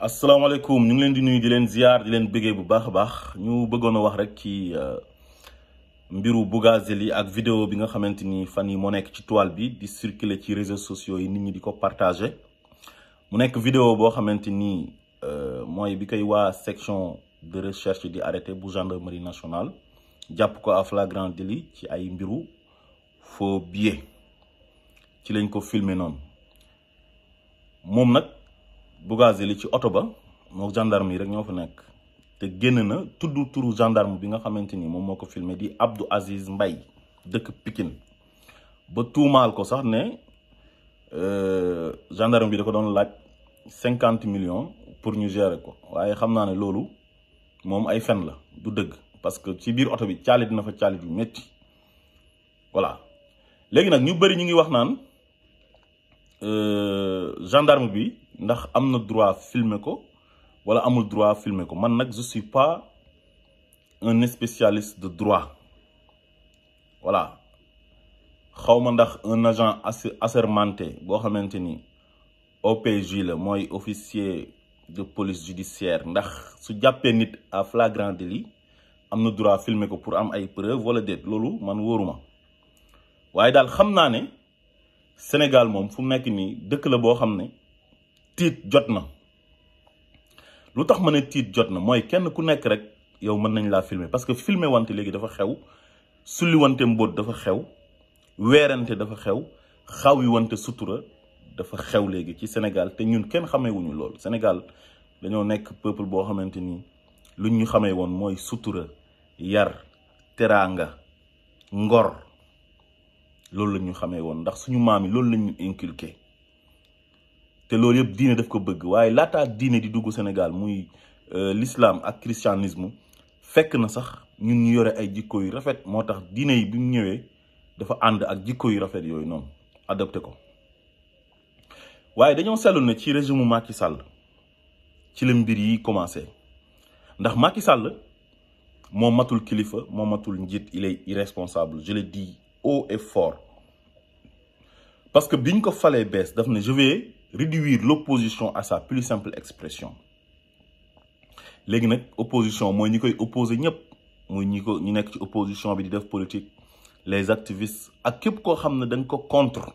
asalaamaaleykum ñu ngi leen di nuyu di leen ziar di leen bëggee bu baax baax ñu bëggoon a wax rek ci euh, mbiru Bougazelli ak vidéo bi nga xamante ni fan yi moo nekk ci toile bi di circuler ci réseaux sociaux yi nit ñi di ko partagé mu nekk vidéo boo xamante ni euh, mooy bi koy waa section de recherche di arrêté bu gendarmerie nationale jàpp ko à flagrant délit ci ay mbiru faux billets ci lañ ko filmer noonu moom nag. Bougazelli ci oto ba moo gendarme yi rek ñoo fa nekk te génn na tudd turu gendarme bi nga xamante ni moom moo ko filmé di Abdou Aziz mbay dëkk pikin ba tuumaal ko sax ne euh, gendarme bi da ko doon laaj cinquante million pour ñu gérer ko waaye xam naa ne loolu moom ay fen la du dëgg parce que ci biir oto bi caalit na fa caalit yu métti voilà léegi nag ñu bëri ñu ngi wax naan euh, gendarme bi ndax amna droit filmer ko wala amul droit filmer ko man nak je suis pas un spécialiste de droit voilà xawma ndax un agent assermenté bo xamanteni OPJ le moy officier de police judiciaire ndax su jappé nit à flagrant délit amna droit filmer ko pour am ay preuves wala déet lolou man wóoruma waye dal xamna né Sénégal mom fu mu ni deuk la bo xamné tiit jot na lu tax ma ne tiit jot na mooy kenn ku nekk rek yow mën nañ laa filmer parce que filmer wante léegi dafa xew sulli wante mbóot dafa xew weerante dafa xew xaw yi wante sutura dafa xew léegi ci Sénégal te ñun kenn xamewuñu lool senegal dañoo nekk peuple boo xamante ni lu ñu xamee woon mooy sutura yar teraanga ngor loolu la ñu xamee woon ndax suñu maam yi loolu lañu ñu te loolu yëpp diine daf ko bëgg waaye laata diine di dugg Sénégal muy euh, l'islam ak christianisme fekk na sax ñun ñu yore ay jikko yu rafet moo tax diine yi bi mu ñëwee dafa ànd ak jikko yu rafet yooyu noonu adopté ko waaye dañoo seetlu ne ci régime Macky Sall ci la mbir yi commencé ndax Macky Sall moo matul kilifa moo matul njit il est irresponsable je le dis haut et fort parce que biñ ko falee bees daf ne je vais réduire l'opposition à sa plus simple expression léegi nag opposition mooy ñi koy opposé ñëpp muy ñi ko ñu ci opposition bi di def politique les activistes ak képp koo xam ne dañ ko contre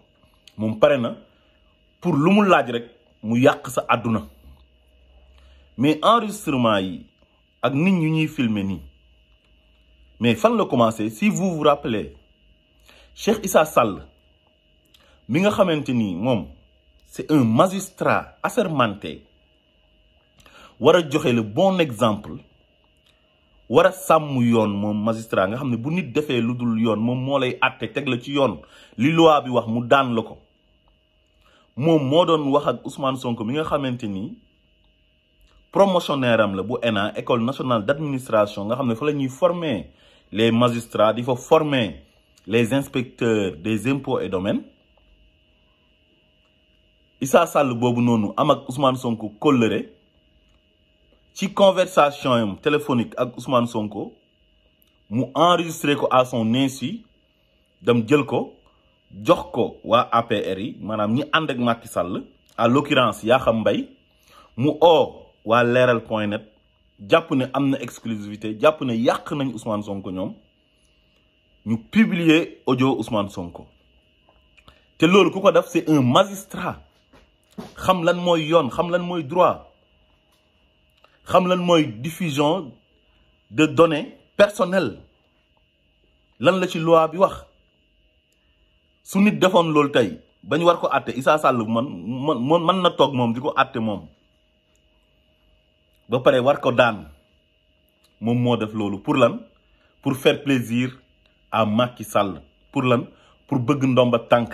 Mon père, na pour lu mu laaj rek mu yàq sa àdduna mais enregistrement yi ak nit ñi filmer nii mais fan la commencé si vous vous rappelez Cheikh Issa Sall mi nga xamante ni c'est un magistrat assermenté wara a le bon exemple wara a magistrat nga xamné bu nit défé lu yoon moom lay la ci li loi bi wax mu Il lako mom à Ousmane Sonko mi nga promotionnaire la école nationale d'administration nga xamné fa former les magistrats Il faut former les inspecteurs des impôts et domaines Issa Sall bobu noonu am ak Ousmane Sonko kóllëre ci conversation téléphonique ak Ousmane Sonko mu enregistré ko à son insu dem jël ko jox ko wa APR yi maanaam ñi and ak Macky Sall à l'occurrence Yakham bay mu o wa leral.net point net ne amna exclusivité japp ne yak nañ Ousmane Sonko ñom ñu publier audio Ousmane Sonko té lolu ku ko def c'est un magistrat xam lan mooy yoon xam lan mooy droit xam lan mooy diffusion de données personnel lan la ci loi bi wax su nit defoon loolu tey bañ war ko àtte Issa Sall man man mën na toog moom di ko àtte moom ba pare war ko daan moom moo def loolu pour lan pour faire plaisir à Macky sàll pour lan pour bëgg ndomba tànk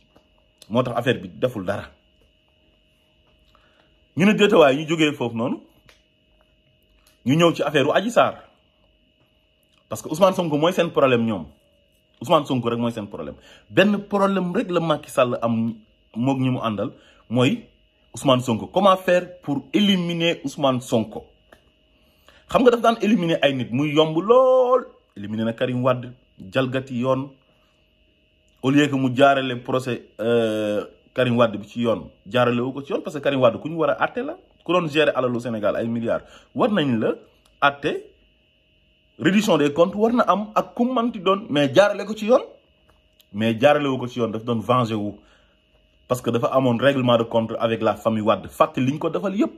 motax affaire bi deful dara ñu ne way ñu joggé fofu non ñu ñew ci affaireu aji sar parce que Ousmane Sonko moy sen problème ñom Ousmane Sonko rek moy sen problème ben problème rek le Macky Sall am mok ñimu andal moy Ousmane Sonko comment faire pour éliminer Ousmane Sonko xam nga daf daan éliminer ay nit muy yomb lol éliminer na Karim wad jalgati yoon au lieu que mu le procès euh, Karim Wade bi ci yoon jaarale wu ko ci yoon parce que Karim Wade ku ñu war a la ku doon gérer alalu Sénégal ay milliards war nañ la atté réduction des comptes war na am ak ku manti doon mais jaarale ko ci yoon mais jaarale wu ko ci yoon daf doon venger wu parce que dafa amone règlement de compte avec la famille Wade fat liñ ko defal yépp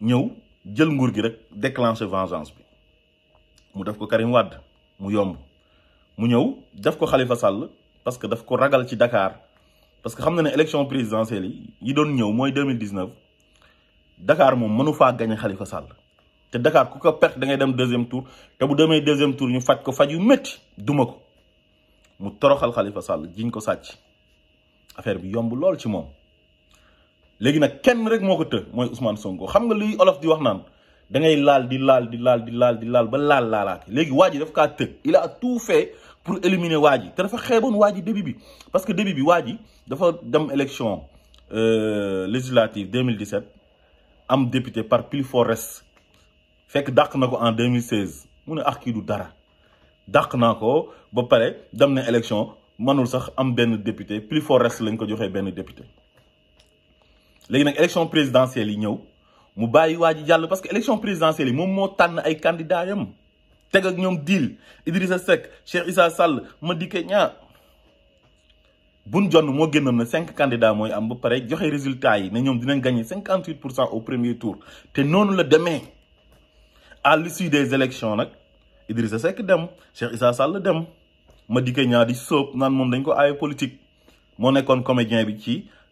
ñew jël nguur gi rek déclencher vengeance bi mu def ko Karim Wade mu yomb mu ñëw def ko Khalifa Sall parce que daf ko ragal ci dakaar parce que xam na ne élection présidentielle yi yi doon ñëw mooy 2019 dakaar moom mënu faa gañe Khalifa Sall te Dakar ku ko perte da ngay dem deuxième tour te bu demee deuxième tour ñu faj ko faj yu métti duma ko mu toroxal Khalifa Sall jiñ ko sàcc affaire bi yomb lool ci moom léegi nag kenn rek moo ko të mooy Ousmane Sonko xam nga luy olof di wax naan. da ngay laal di laal di laal di laal di laal ba laal laalaate léegi waa daf kaa tëj il a tout fait pour éliminer waa te dafa xeeboon waa ji début bi parce que début bi waa dafa dem élection euh, législative 2017 am député par plus Forest reste fekk dàq na ko en 2016 mu ne ax ah, kii du dara dàq naa ko ba pare dem na élection mënul sax am benn député plus Forest lañ ko joxee benn député léegi nag élection présidentielle yi ñëw mu bàyyi parce que élection présidentielle mom mo moo ay candidats yam tégg ak ñom deal Idrissa Seck Cheikh Issa Sall je Niang dis que moo na 5 candidats moy am ba paré yi dinañ gagné 58% au premier tour té nous, la démé à l'issue des élections nak Idrissa Seck dem Cheikh Issa Sall dem que di sóob nan mom dañ ko politique comédien bi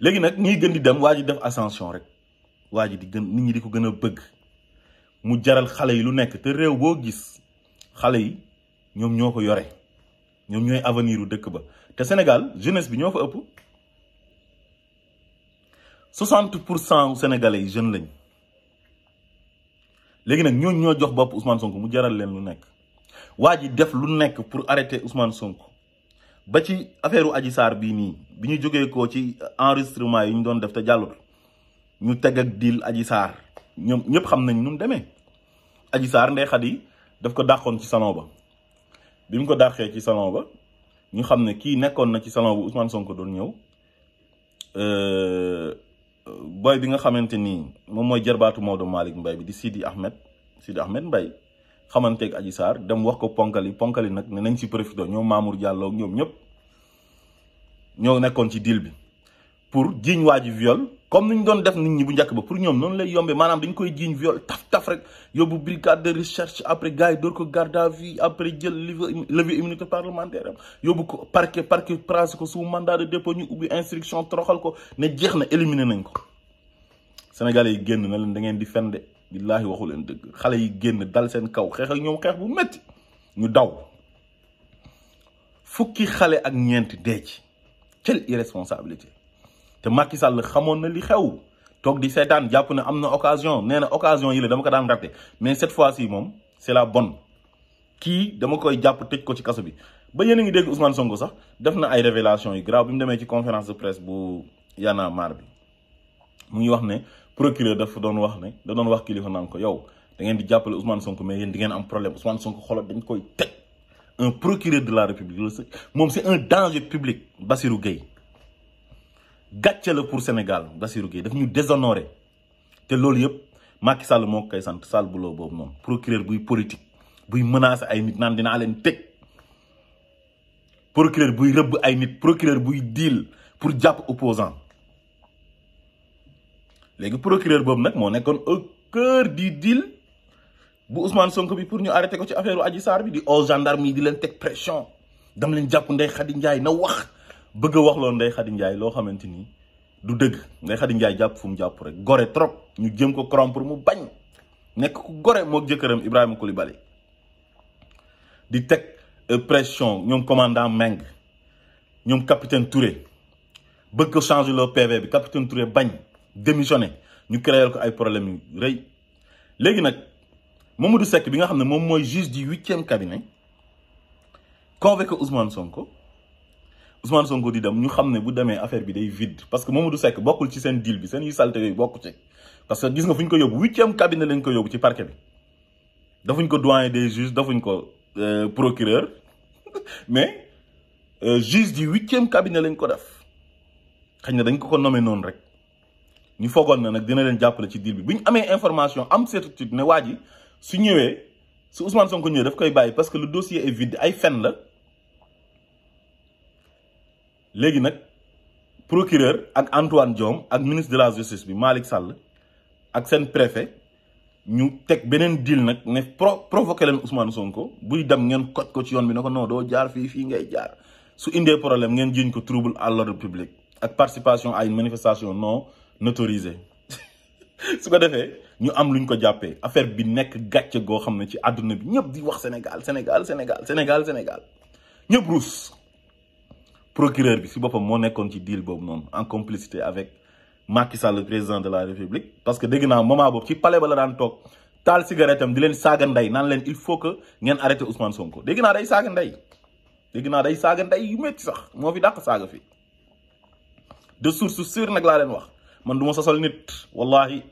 léegi nag ñuy gën di dem waa ji def ascension rek waa ji di gën nit ñi di ko gën a bëgg mu jaral xale yi lu nekk te réew boo gis xale yi ñoom ñoo ko yore ñoom ñooy avenir u dëkk ba te Sénégal jeunes bi ñoo fa ëpp 60 pour cent sénégalais yi jeunes lañ léegi nag ñooñu ñoo jox bopp Ousmane Sonko mu jaral leen lu nekk waa ji def lu nekk pour arrêter Ousmane Sonko ba ci affaire Adji Sarr bii nii bi ñu jógee ko ci enregistrement yi ñu doon def te jàllul ñu teg ak deal Adji Sarr ñoom ñëpp xam nañ nu demee Adji Sarr ndey Xadi daf ko dàqoon ci salon ba bi mu ko dàqee ci salon ba ñu xam ne kii nekkoon na ci salon bu Ousmane Sonko doon ñëw euh, boy bi nga xamante ni moom mooy jarbaatu Maodo Malick mbay bi di Sidi Ahmed Sidi Ahmed mbay ak Adji Sarr dem wax ko ponkali ponkali nak ne nañ ci profité ñoom Mamour Diallo ak ñom ñep ñoo nekkon ci deal bi pour jiiñ waji viol comme ni ñu doon def nit ñi bu njëkk ba pour ñom non lay yombé manam dañ koy jiiñ viol taf taf rek yóbbu brigade de recherche après gars yi door ko garde à vue après jël levé immunité parlementaire am ko parquet parquet prince ko sous mandat de dépôt ñu ubbi instruction troxal ko ne jeexna éliminer nañ ko sénégalais yi génn na leen da ngeen di fenn billahi waxu leen dëgg xale yi genn dal sen kaw xex ak ñom xex bu metti ñu daw fukki xalé ak ñent deej ci quelle irresponsabilité te Macky Sall xamone na li xew tok di seetaan japp na amna occasion néna occasion yi la dama ko daan raté mais cette fois ci mom c'est la bonne ki dama koy japp tëj ko ci kasso bi ba yéen ngi dégg Ousmane Sonko sax def na ay révélation yu grave bimu mu ci conférence de presse bu Yana Mar bi mu ngi wax ne procureur dafa doon wax ne da doon wax kilifa naan ko yow da ngeen di jàppale Ousmane Sonko mais yéen di ngeen am problème Ousmane Sonko xoolal dañ koy teg un procureur de la République loolu moom c'est un danger public Bassirou Gueye gàcce la pour Sénégal Bassirou Gueye daf ñu déshonoré te loolu yëpp Macky Sall moo koy sant Sall buloo boobu noonu procureur buy politique buy menacer ay nit naan dinaa leen teg procureur buy rëbb ay nit procureur buy deal pour jàpp opposant léegi procureur boobu nag moo nekk au cœur du deal bu Ousmane Sonko bi pour ñu arrêté ko ci affaire Adji saar bi di au gendarme yi di leen teg pression dam leen jàpp Ndeye Khady Ndiaye na wax bëgg a wax loolu Ndeye Khady Ndiaye loo xamante ni du dëgg Ndeye Khady Ndiaye jàpp fu mu jàpp rek gore trop ñu jëm ko corrompre mu bañ nekk ku gore moo jëkkëram Ibrahima bali di teg euh, pression ñoom commandant Meng ñoom capitaine Touré bëgg ko changer leur bi capitaine Touré bañ. démissionné ñu créer ko ay problème yu rëy léegi nag Mamadou Seck bi nga xamné mom moy juge du 8e cabinet convoqué Ousmane Sonko Ousmane Sonko di dem ñu xamné bu démé affaire bi day vide parce que Mamadou Seck bokul ci sen deal bi sen yi salte yooyu bokku ci parce que gis nga fuñ ko yob 8e cabinet lañ ko yob ci parquet bi dafuñ ko doyen des juges dafuñ ko euh, procureur mais euh, juge du 8e cabinet lañ ko def xëy na dañ ko ko nommé non rek. ñu foogoon na nag dina leen jàppale ci deal bi buñ amee information am certitude ne waa ji su ñëwee su Ousmane Sonko ñëwee daf koy bàyyi parce que le dossier est ay fen la léegi nag procureur ak Antoine Diome ak ministre de la justice bi Malick sàll ak seen préfet ñu teg beneen deal nag ne pro provoqué leen Ousmane Sonko buy dem ngeen koj ko ci yoon bi ne ko non doo jaar fii fii ngay jaar su indee problème ngeen jiiñ ko trouble à l'ordre public ak participation à une manifestation notorisé Ce ko defee ñu am luñ ko jàppee affaire bi nekk gàcce go xamna ci aduna bi ñëpp di wax Sénégal Sénégal Sénégal Sénégal Sénégal ñëpp ruus procureur bi si bopam mo nekkon ci deal boobu non en complicité avec Macky Sall le président de la République parce que dégg na moment boobu ci palais ba la dan tok tal cigarette am di len saaga ndey naan leen il faut que ngeen arrêter Ousmane Sonko dégg na day saaga ndey dégg na day saaga ndey yu metti sax mo fi dàq saaga fi de source sûre nak la len wax man du ma nit wallahi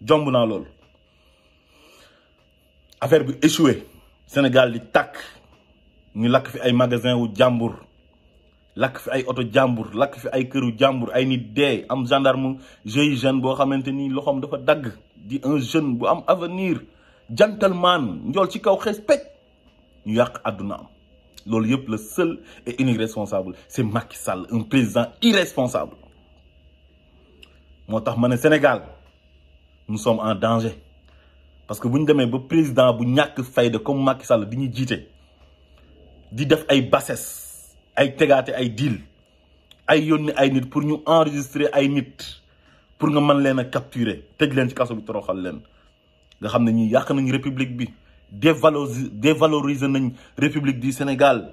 jomb naa l'ol. affaire bi échoué Sénégal di tak ñu lak fi ay magasin wu jambour lak fi ay auto jambour lak fi ay këru jambour. ay nit dé am gendarme GIE jeune bo xamanteni loxom dafa dag di un jeune bu am avenir gentleman njool ci kaw respect ñu yàq aduna am loolu yëpp le seul est unique responsable c'est Macky Sall un président irresponsable Sénégal nous sommes en danger parce que vous démé président bu Fay comme Macky Sall di di def ay bassesse deal pour ñu enregistrer ay pour nga capturer tëj ci bi toroxal nga ne république bi dévaloriser nañ république du Sénégal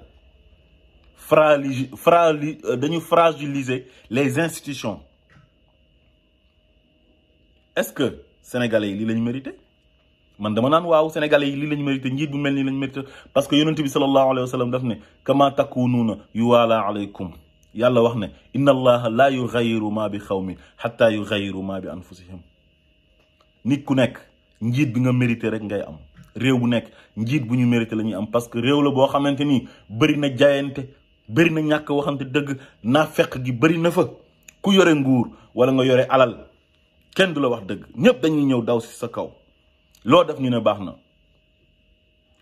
euh, dañu les institutions est-ce que sénégalais yi lii lañ mérité man dama naan waaw sénégalais yi lii lañ mérité njiit bu mel lañ mérité parce que yonent bi sallallahu alayhi wa sallam daf ne kama takunuuna yuwaala alaykum yàlla wax ne inna allaha laa yugayiru ma bi xawmin xatta yugayiru ma bi anfusihim nit ku nekk njiit bi nga mérité rek ngay am réew bu nekk njiit bu ñu mérité la am parce que réew la boo xamante ni bëri na jaayante bëri na ñàkk waxante dëgg naafeq gi bëri na fa ku yore nguur wala nga yore alal kenn du la wax dëgg ñëpp dañuy ñëw daw si sa kaw loo def ñu ne baax na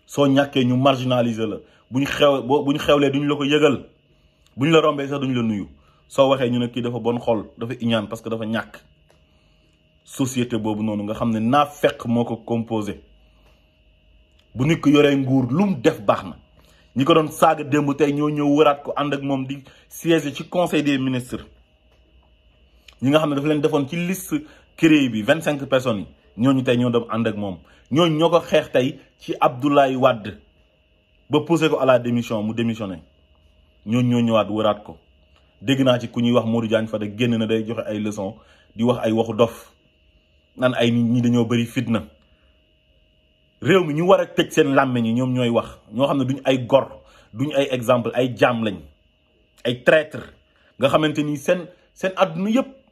soo ñàkkee ñu marginaliser la bu ñu xew boo bu ñu xewlee duñu la ko yëgal bu ñu la rombee sax duñu la nuyu soo waxee ñu ne kii dafa bon xol dafa iñaan parce que dafa ñàkk société boobu noonu nga xam ne naa fekk moo ko composé bu nit yoree nguur lu mu def baax na ñi ko doon saaga démb tey ñoo ñëw wëraat ko ànd ak moom di siège ci conseil des ministres ñi nga xam ne dafa leen defoon ci liste créé bi vingt cinq personnes yi ñooñu tey ñoo dem ànd ak moom ñooñu ñoo ko xeex tey ci Abdoulaye Wade ba poussé ko à la mu démissionné ñooñu ñoo ñëwaat wëraat ko dégg naa ci ku ñuy wax Modou Diagne Fada génn na day joxe ay leçon di wax ay waxu dof nan ay nit ñi dañoo bëri fitna réew mi ñu war a tëj seen làmmiñ ñi ñoom ñooy wax ñoo xam ne duñ ay gor duñ ay exemple ay jaam lañ ay traître nga xamante ni seen seen àdduna yëpp.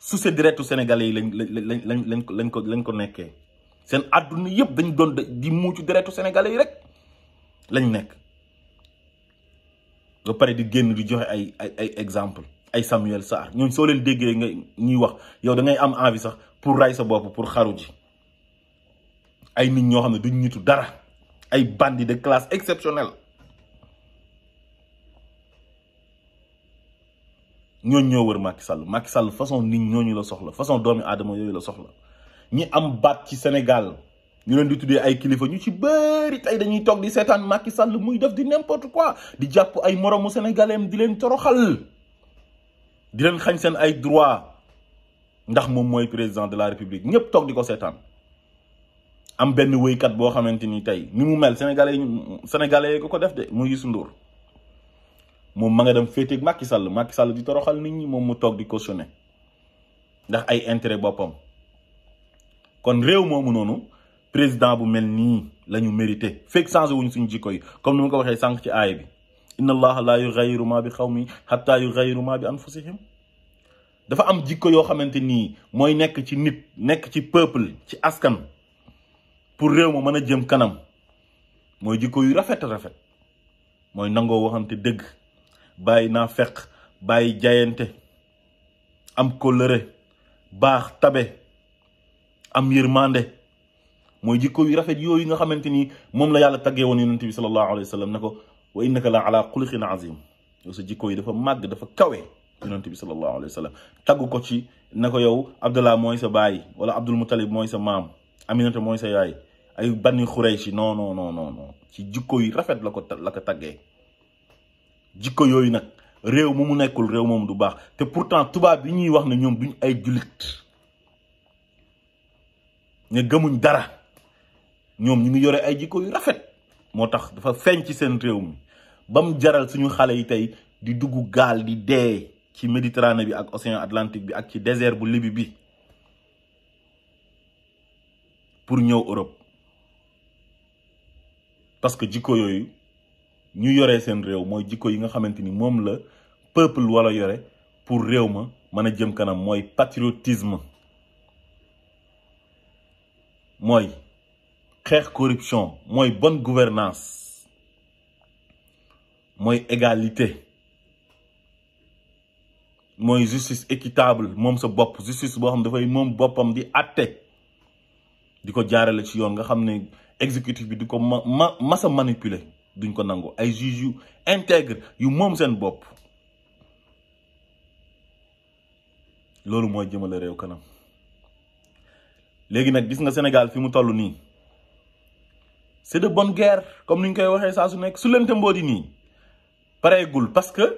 sucé directu sénégalais yi lañ lañ lañ lañ ko lañ ko lañ ko nekkee seen àdduna yëpp dañu doon di muucu directu sénégalais yi rek lañ nekk ba pare di génn di joxe ay ay ay exemple ay Samuel Sarr ñooñ soo leen déggee nga ñuy wax yow da am envie sax pour ray sa bopp pour xaru ji ay nit ñoo xam ne duñ nitu dara ay bandits de classe exceptionnelle ñoo ñoo wër Macky Sall Macky Sall façon nit ñu la soxla façon doomi adama yoy la soxla ñi am baat ci Sénégal ñu leen di tuddé ay kilifa ñu ci bëri tay dañuy tok di sétane Macky Sall muy def di n'importe quoi di japp ay moromu sénégalais di leen toroxal di leen xagn sen ay droit ndax mom moy président de la république ñepp tok di ko setan, am benn wëy kat bo ni tay ni mu mel sénégalais sénégalais ko ko def de muy Youssou Ndour moom ma nga dem féeteeg Macky Sall Macky Sall di toroxal nit ñi moom mu toog di cautionné ndax ay intérêt boppam kon réew moomu noonu président bu mel nii lañu ñu mérité fekk changé wuñ suñu jikko yi comme ni ma ko waxee sànq ci aaya bi inna allaha la yughayyiru ma bi qawmin hatta yughayyiru ma bi anfusihim dafa am jikko yoo xamante nii mooy nekk ci nit nekk ci peuple ci askan pour réew mu mën a jëm kanam mooy jikko yu rafet rafet mooy nangoo waxante dëgg bay naa feq bàyyi jaayante am kóllëre bax tabe am yërmande moy jikko yu rafet yooyu nga xamanteni mom la yàlla tagge won yunus bi sallallahu alayhi wasallam nako wa innaka la ala xuluqin azim yo so jikko yi dafa mag dafa kawe yunus bi sallallahu alayhi wasallam sallam ko ci nako yow abdullah moy sa bay wala abdul mutalib moy sa mam aminata moy sa yaay ay bani xurayshi non non non non ci jikko yu rafet la ko la ko tagge jikko yooyu nag réew mu mu nekkul réew moom du baax te pourtant tubaab yi ñuy wax ne ñoom duñ ay jullit ne gëmuñ dara ñoom ñu ngi yore ay jikko yu rafet moo tax dafa feeñ ci seen réew mi ba mu jaral suñu xale yi tey di dugg gaal di dee ci Méditerranée bi ak océan Atlantique bi ak ci désert bu libi bi pour ñëw Europe parce que jikko yooyu. ñu yoré sen réew moy jikko yi nga la peuple wala pour réew ma jëm patriotisme moy corruption la bonne gouvernance moy égalité moy justice équitable mom sa justice bo xam fay mom bopam di atté diko ci yoon nga xamné manipuler duñ ko nangu ay juge yu intègre yu moom seen bopp loolu mooy jëmale réew kanam léegi nag gis nga Sénégal fi mu toll nii c'est de bonne guerre comme ni ñu koy waxee saa su nekk su lente mboodi nii pareegul parce que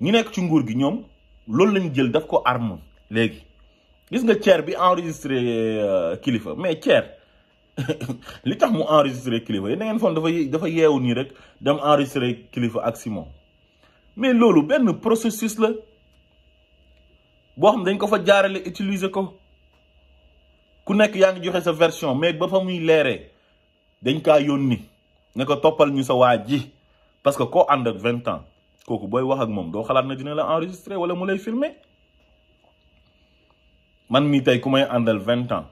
ñu nekk ci nguur gi ñoom loolu lañ jël daf ko arme léegi gis nga ceer bi enregistré euh, kilifa mais ceer li tax mu enregistré kilifa yéen da ngeen foog dafa yeewu nii rek dem enregistré kilifa ak si moom mais loolu benn processus la boo xam dañ ko fa jaarale utiliser ko ku nekk yaa ngi joxe sa version mais ba fa muy leeree dañ kaa yónni ne ko toppal ñu sa waa ji parce que koo ànd ak vingt ans kooku booy wax ak moom doo xalaat na dina la enregistré wala mu lay filmer man mii tey ku may àndal vingt ans.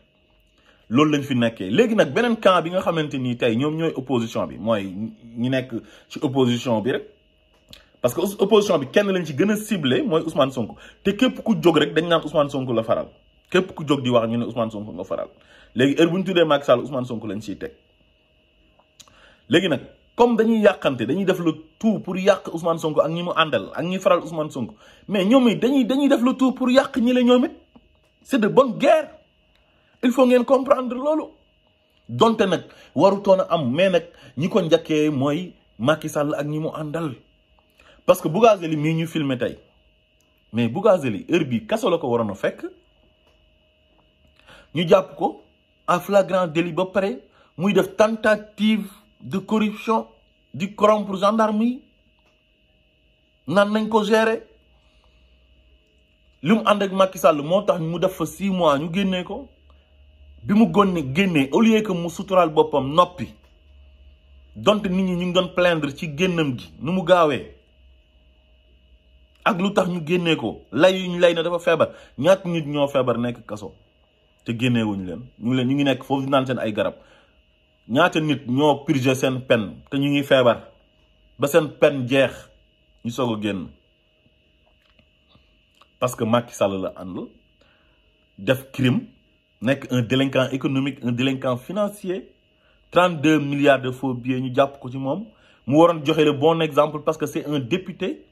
loolu lañ fi nekkee léegi nag beneen camp bi nga xamante ni tey ñoom ñooy opposition bi mooy ñi nekk ci opposition bi rek parce que opposition bi kenn lañ ci gën a ciblé mooy Ousmane Sonko te képp ku jóg rek dañ naan Ousmane Sonko la faral képp ku jóg di wax ñu ne Ousmane Sonko faral léegi heure bu ñu tuddee Macky Sall Ousmane Sonko lañ ciy teg léegi nag comme dañuy yàqante dañuy def le tout pour yàq Ousmane Sonko ak ñi mu àndal ak ñi faral Ousmane Sonko mais ñoom it dañuy dañuy def le tout pour yàq ñi la ñoom it c'est de bonne guerre. il faut bien comprendre lolu donté nak a am mais que ñi ko ñaké que Macky Sall ak ñi parce que Bougazeli mi ñu filmé mais Bougazeli heure bi kasso lako warono fekk ñu flagrant délit ba tentative de corruption du corrompre de nan nañ ko gérer li mu ak Macky Sall mu def mois bi mu gonne genné au lieu que mu sutural bopam nopi donte nit ñi ñu ngi doon plaindre ci gennam gi nu mu gaawé ak lu ñu genné ko lay ñu lay na dafa febar ñaat nit ñoo febar nek kaso te génneewuñu len ñu len ñu ngi nek fofu nan sen ay garab ñaata nit ñoo purger sen peine te ñu ngi febar ba sen peine jeex ñu sogo genn parce que Macky Sall la def crime nek un délinquant économique un délinquant financier 32 milliards de faux billets ñu japp ko ci mom mu waroon joxe le bon exemple parce que c'est un député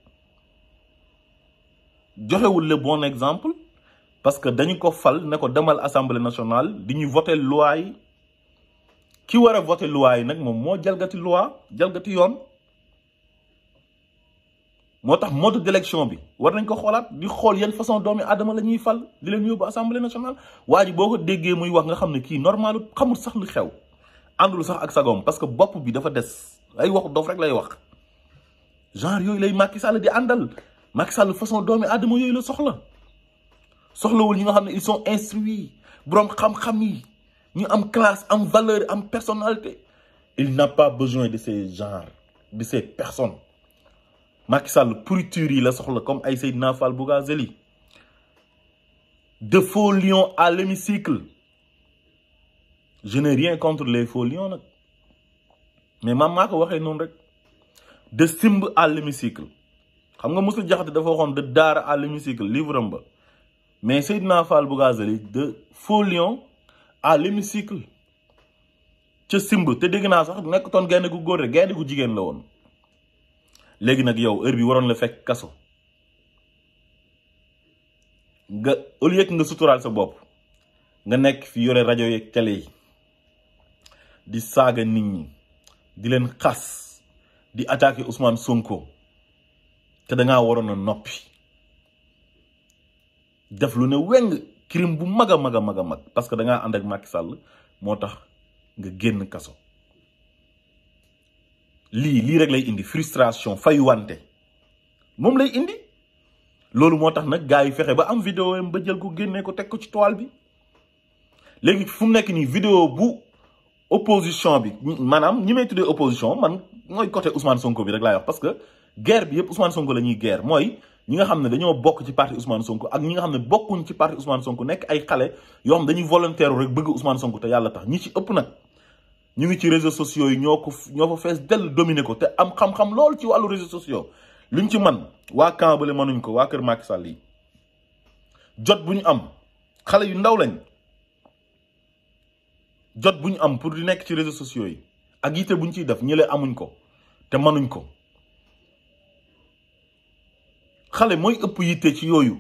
joxewul le bon exemple parce que dañu ko fal ne ko demal assemblée nationale diñu voter voté loi qui ki war a voté loi yi j'ai le moo jalgati loi jalgati yoon motax tax mode d'élection bi war nañ ko xoolaat di xol yeen façon doomi adama lañuy fal di leen yóbbu assemblée nationale waji boko déggé muy wax nga xamné ki kii normalu xamul sax lu xew àndul sax ak sagom parce que bop bi dafa dess ay wax dof rek lay wax genre yoy lay Macky Sall di andal Macky Sall façon doomi adama yoy la soxla soxlawul ñi nga xamné ils sont instruits boroom xam-xam yi ñu am classe am valeur am personnalité il n'a pas besoin de ces genres de ces personnes Macky Sall pourriture yi la soxla comme ay Seydina Fall Bougazelli de faux lion à l'hémicycle je n'ai rien contre les faux lions nag mais maam maa ko waxee noonu rek de simb à l'hémicycle xam nga Moussa Diakhaté dafa waxoon de daara à l'hémicycle livre am ba mais Seydina Fall Bougazelli de faux lions à l'hémicycle ca simb te dégg naa sax nekk toon gaynde ku góor rek gaynde gu jigéen la woon léegi nag yow heure bi waroon la fekk kaso nga au lieu nga suturaal sa bopp nga nekk fi yore rajo yeeg télé yi di saaga nit ñi di leen xas di attaquer Ousmane Sonko te dangaa waroon a noppi def lu ne weng crime bu mag a mag a mag a mag parce que dangaa ànd ak Macky Sall moo tax nga génn kaso li li rek lay indi frustration fayuwante mom lay indi lolou motax nak gaay gars ba am vidéo yam ba jël ko génne ko teg ko ci toile bi léegi fum nek ni nii vidéo bu opposition bi manam ñi may tuddé opposition man moy côté Ousmane Sonko bi rek laay wax parce que guerre bi yépp Ousmane Sonko la ñuy guerre moy ñi nga xamné dañoo bok ci parti Ousmane Sonko ak ñi nga xamné bokkuñ ci parti Ousmane Sonko nek ay xalé yo xam dañuy volontaire rek bëgg Ousmane Sonko te yalla tax ñi ci ëpp nak ñu ngi ci réseaux sociaux yi ñoo ko ñoo fa fees dell dominer ko te am xam-xam lool ci wàllu réseaux sociaux luñ ci man waa camp bale mënuñ ko waa kër Macky Sall yi jot bu ñu am xale yu ndaw lañ jot bu ñu am pour di nekk ci réseaux sociaux yi ak yite bu ñu ciy def ñële amuñ ko te mënuñ ko xale mooy ëpp yitte ci yooyu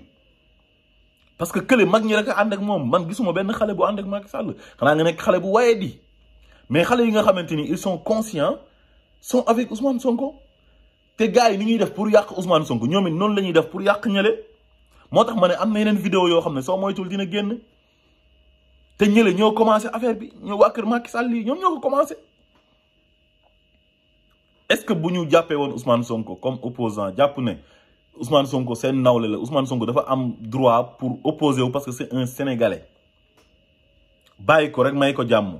parce que kële mag ñi rek ànd ak moom man gisuma benn xale bu ànd ak Macky Sall xanaa nga nekk xale bu waye di mais xale yi nga xamante ils sont conscients sont avec Ousmane Sonko te gars ni ñuy def pour yak Ousmane Sonko ñoom it noonu def pour yak ñële moo tax ma ne am na yeneen vidéo yoo xam ne soo moytul dina génn te ñële ñoo commencé affaire bi ñoo waa kër Macky Sall yi ñoom ñoo commencé est-ce que bu ñu jàppee Ousmane Sonko comme opposant japonais Ousmane Sonko c'est nawle la Ousmane Sonko dafa am droit pour opposer wu parce que c'est un sénégalais bàyyi ko rek may ko jàmm.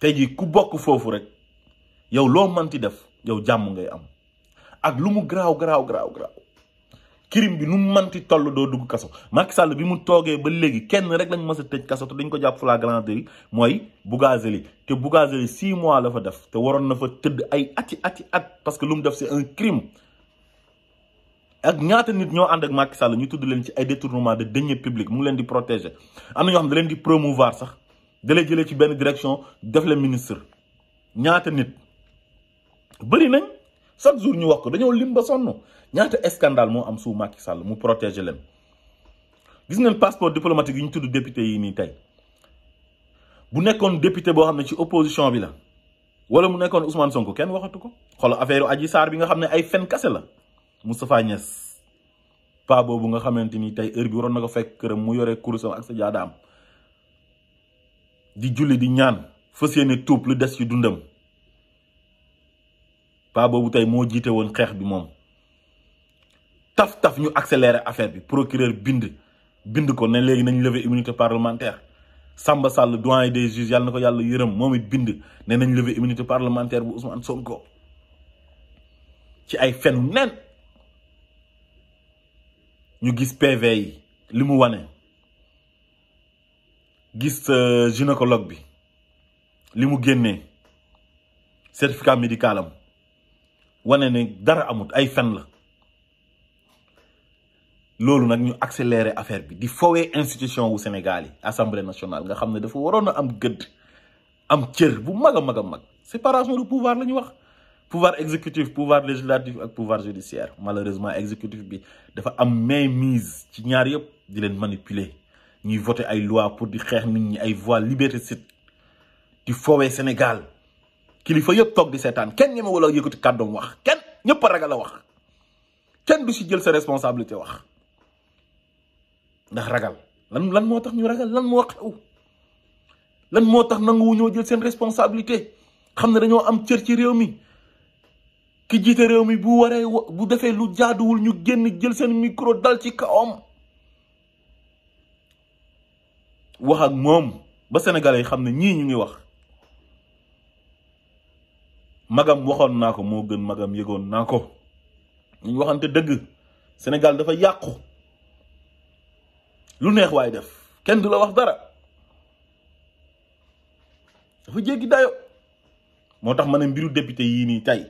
tey jii ku bokk foofu rek yow loo manti def yow jàmm ngay am ak lu mu garaaw garaaw garaaw garaaw crime bi nu mu manti toll doo dugg kaso Macky Sall bi mu toogee ba léegi kenn rek lañ mës tëj kaso te dañ ko jàpp flagrant délit mooy Bougazeli te Bougazeli six mois la fa def te waroon na fa tëdd ay ati ati at parce que lu mu def si un crime ak ñaata nit ñoo ànd ak Macky Sall ñu tudd leen ci ay détournement de deniers publics mu leen di protéger am na ñoo xam ne da leen da lay ci benn direction def la ministre ñaata nit bëri nañ chaque jour ñu wax ko dañoo lim ba sonn ñaata scandale moo am suu Macky Sall mu protéger leen gis ngeen passeport diplomatique yi ñu tudd député yi nii tey bu nekkoon député boo xam ne ci opposition bi la wala mu nekkoon Ousmane Sonko kenn waxatu ko xol affaire aji saar bi nga xam ne ay fen kase la Moustapha Niass pa boobu nga xamante ni tey heure bi waroon na ko fekk këram mu yore kurusam ak jaadaam di julli di ñaan fas ne tuub lu des ci dundam paa boobu tey moo jiite woon xeex bi moom taf taf ñu accélérer affaire bi procureur bind bind ko ne léegi nañ lever immunité parlementaire Samba Sall doyen des juges yàlla na ko yàlla yërëm moom it bind ne nañ lever immunité parlementaire bu Ousmane Sonko ci ay fenu nen ñu gis PV yi li mu wane. gis euh, gynécologue bi limu mu certificat médical am wane dara amut ay fen la lolu nak ñu accélérer affaire bi di fowé institution wu Sénégal yi assemblée nationale nga xamné ne dafa warona am gëdd am cër bu maga maga mag séparation du pouvoir lañu wax pouvoir exécutif pouvoir législatif ak pouvoir judiciaire malheureusement exécutif bi dafa am mainmise ci ñaar yëpp di leen manipuler ñuy voté ay loi pour di xex nit ñi ay voix liberticide di fowé Sénégal kilifa yépp tok di sétane kèn ñeme wala yëkuti kàddoom wax kèn ñëpp a ragal a wax kèn du ci jël sa responsabilité wax ndax ragal lan lan moo tax ñu ragal lan mo xew lan moo tax nanguwu ñoo jël sen responsabilité xamna ne dañoo am cër ci réew mi ki jité réew mi bu waré bu défé lu jaaduwul ñu génn jël sen micro dal ci kaom wax ak moom ba sénégalais yi xam ne ñii ñu ngi wax magam waxoon naa ko moo gën magam yëgoon naa ko ñu waxante dëgg Sénégal dafa yàqu lu neex waay def kenn du la wax dara dafa jéggi dayo moo tax ma ne mbiru député yii nii tey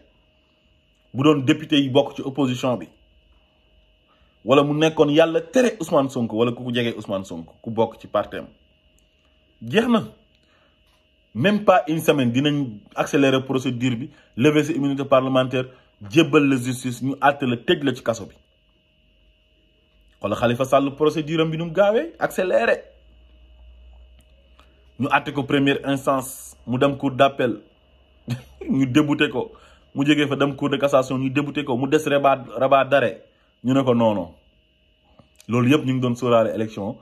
bu doon député yi bokk ci opposition bi wala mu nekkoon yalla téré Ousmane Sonko wala ku ko djégé Ousmane Sonko ku bok ci partem jeex même pas une semaine dinañ accélérer procédure bi lever sa immunité parlementaire djébal la justice ñu atté le tëj la ci kasso bi wala Khalifa Sall procédure bi num mu gaawee accéléré ñu atté ko première instance mu dem cour d'appel ñu débouté ko mu djégé fa dem cour de cassation ñu débouté ko mu des rabat rabat d'arrêt ñu ne ko non non loolu yëpp ñu ngi doon sóoraale élection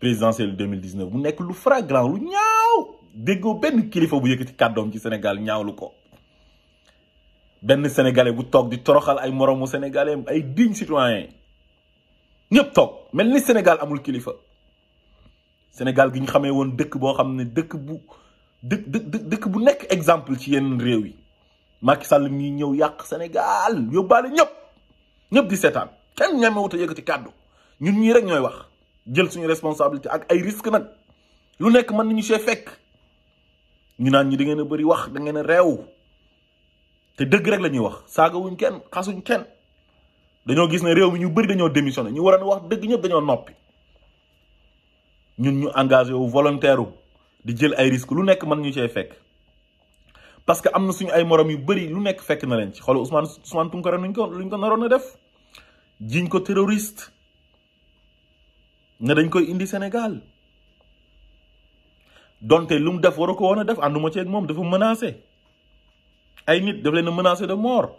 présidentielle 2019 mu nekk lu flagrant lu ñaaw déggoo benn kilifa bu yëkkati kàddoom ci Sénégal ñaawlu ko benn sénégalais bu toog di toroxal ay moromu sénégalais ay digne citoyen ñëpp toog mel ni Sénégal amul kilifa Sénégal gi ñu xamee woon dëkk boo xam ne dëkk bu dëkk dëkk dëkk bu nekk exemple ci yenn réew yi Macky Sall mi ñëw yàq Sénégal yóbbaale ñëpp. ñëpp di seetaan kenn ñemewut a ci kàddu ñun ñii rek ñooy wax jël suñu responsabilité ak ay risque nag lu nekk mën nañu see fekk ñu naan ñi da ngeen a bëri wax da ngeen a réew te dëgg rek la ñuy wax saagawuñ kenn xasuñ kenn dañoo gis ne réew mi ñu bëri dañoo démissionné ñu waroon wax dëgg ñëpp dañoo noppi ñun ñu engagé wu volontaire di jël ay risque lu nekk mën ñu see fekk. parce que am na suñu ay morom yu bëri lu nekk fekk na leen ci xool Ousmane Ousmane Tounkara luñ ko luñ ko naroon a def jiñ ko terroriste ne dañ koy indi Sénégal donte lu mu def war a ko woon a def ànduma ci ak moom dafa menacé ay nit daf leen a menacé de mort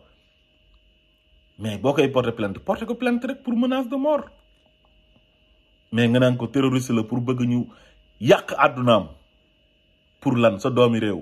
mais boo koy porté plante porté ko plainte rek pour menace de mort mais nga naan ko terroriste la pour bëgg ñu yàq àddunaam pour lan sa doomi réew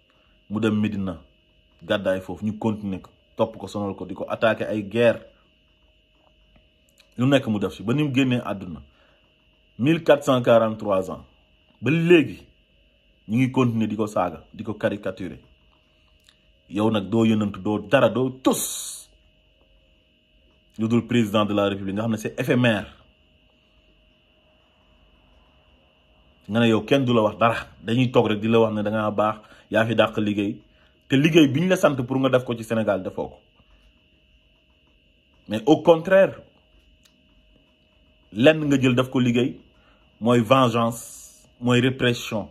mu dem Medina gàddaay foofu ñu continuer ko topp ko sonal ko di ko attaquer ay guerre lu nekk mu def si ba ni mu génnee àdduna mille quatre cent quarante trois ans ba léegi ñu ngi continuer di ko saaga di ko caricaturer yow nag doo yënantu doo dara doo tus lu dul président de la république nga xam ne si éphémère nga ne yow kenn du la wax dara dañuy toog rek di la wax ne da ngaa baax yaa fi dàq liggéey te liggéey biñ la sant pour nga def ko ci Sénégal defoo ko mais au contraire lenn nga jël daf ko liggéey mooy vengeance mooy répression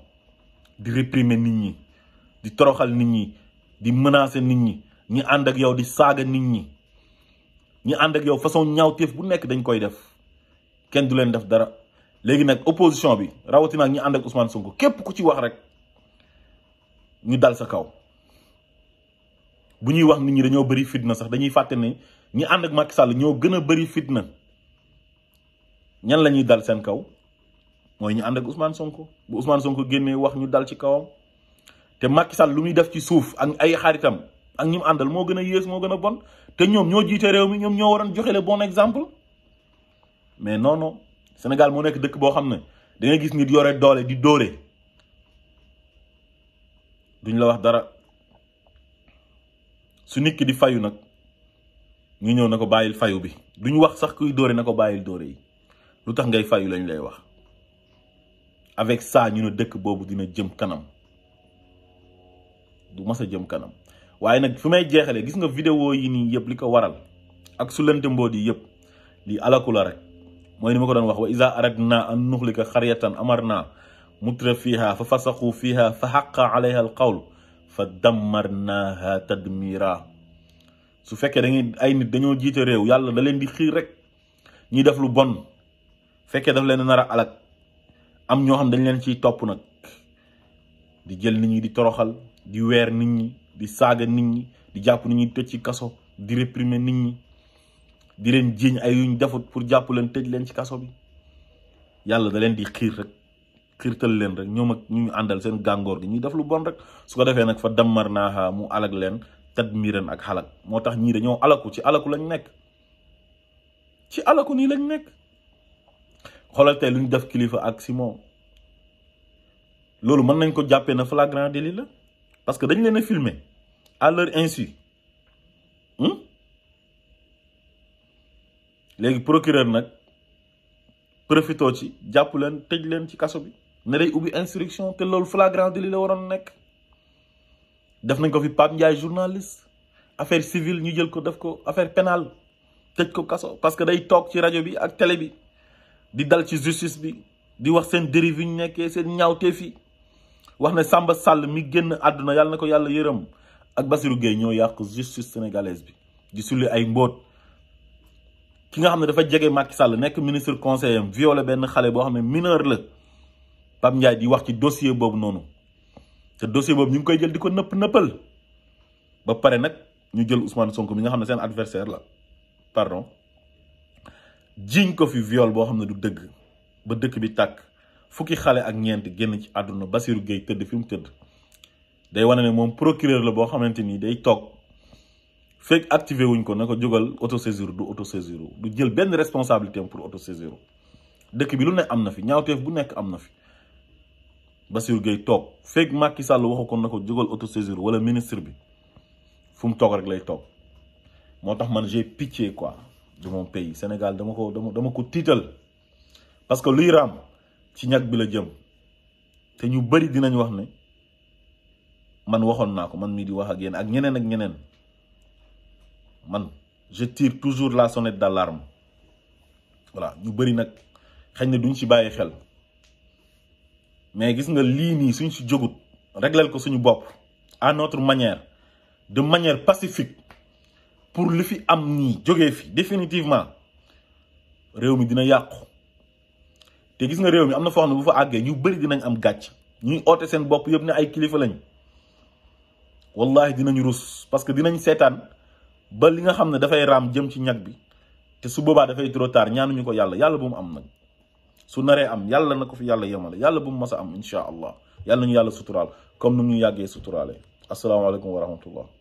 di réprimer nit ñi di toroxal nit ñi di menacer nit ñi ñi ànd ak yow di saaga nit ñi ñi ànd ak yow façon ñaawteef bu nekk dañ koy def kenn du leen def dara. léegi nag opposition bi rawatina ak ñi ànd ak Ousmane Sonko képp ku ci wax rek ñu dal sa kaw bu ñuy wax nit ñi dañoo bëri fitna sax dañuy fàtte ne ñi ànd ak Macky ñoo gën a bëri fitna ñan lañuy dal seen kaw mooy ñu ànd ak Ousmane Sonko bu Ousmane Sonko génnee wax ñu dal ci kawam te Macky Sall lu muy def ci suuf ak ay xaritam ak ñu àndal moo gën a yées moo gën a bon te ñoom ñoo jiitee réew mi ñoom ñoo wara joxe le bon exemple mais noonu Sénégal moo nekk dëkk boo xam ne da gis nit yore doole di doole duñ la wax dara su nit di fayu nag ñu ñëw na ko bàyyil fayu bi duñ wax sax kuy dóore na ko bàyyil dóore yi lu tax ngay fayu lañ lay wax avec ça ñu ne dëkk boobu dina jëm kanam du mas jëm kanam waaye nag fi may jeexale gis nga vidéo yi nii yëpp li ko waral ak su lente mboot yi yëpp lii alaku rek mooy ni ma ko doon wax wa ida aradna an nuxlika xaryatan amarna mutra fiha fa fasaqu fiha fa xaqa alayha alqawl fa dammarnaha tadmira su fekkee dañuy ay nit dañoo jité rew yàlla da leen di xir rek ñi def lu bon fekke daf leen nara alak am ño xam dañ leen ci top nak di jël nit ñi di toroxal di wer nit ñi di saga nit ñi di jàpp nit ñi tecc ci kasso di réprimer nit ñi di len jiñ ay yuñ defut pour japp len tej len ci kasso bi yalla da len di xir rek xirtal len rek ñom ak ñu andal sen gangor gi ñu def lu bon rek su ko defé nak fa damarnaha mu alag len tadmiran ak halak motax ñi dañoo alaku ci alaku lañ nek ci alaku ni lañ nek xolal tay luñ def kilifa ak simo moom man nañ ko jappé na flagrant délit la parce que dañ leena filmer à leur insu hmm? léegi procureur nag profitoo ci jàpp leen tëj leen ci kaso bi ne day ubbi instruction te loolu flagrant délit la waroon nekk def nañ ko fi Pape Ndiaye journaliste affaire civile ñu jël ko def ko affaire penal tëj ko kaso parce que day toog ci rajo bi ak télé bi di dal ci justice bi di wax seen dérive yi ñu nekkee seen ñaawteef yi wax ne Samba Sall mi génn àdduna yàlla na ko yàlla yërëm ak Bassirou Gueye ñoo yàq justice sénégalaise bi di sulli ay mbóot ki nga xamne dafa jégué Macky Sall nek ministre conseiller violé ben xale bo xamne mineur la Pape Ndiaye di wax ci dossier bobu nonu te dossier bobu ñu ngi koy jël diko ko nëpp nëppal ba pare nak ñu jël Ousmane Sonko mi nga xamne sen adversaire la pardon jiñ ko fi viol bo xamne du deug ba dëkk bi tak fukki xale ak ñent génn ci aduna Basirou Gueye teud fi mu teud day wone ne mom procureur la bo xamanteni day tok fek activé wuñ ko nako jogal auto saisir du auto saisir du jël ben responsabilité pour auto saisir dekk bi lu ne amna fi ñaawteef bu nek amna fi Bassir gay tok fek Macky Sall waxako nako jogal auto saisir wala ministre bi fum tok rek lay tok motax man j'ai pitié quoi de mon pays Sénégal dama ko dama ko tital parce que luy ram ci ñak bi la jëm té ñu bari dinañ wax né man waxon nako man mi di wax ak yeen ak ñeneen ak ñeneen man je tire toujours la sonnette d'alarme voilà ñu bari nak xëy na duñ ci bàyyi xel mais gis nga li ni suñ ci jogut ko suñu à notre manière de manière pacifique pour li fi am ni jógee fi définitivement réew mi dina yaq te gis nga réew mi am na bu fa aggé ñu nous dinañ am gatch ñuy oté ay kilifa wallahi dinañ parce que dinañ ba li nga xam ne dafay raam jëm ci ñag bi te su boobaa dafay trop tard ñaanuñu ko yàlla yàlla bu mu am nag su naree am yàlla na ko fi yàlla yemale yàlla bu mu mas a am insha allah yàlla ñu yàlla suturaal comme nu ñu yàggee suturaale asalaamaaleykum wa rahmatullah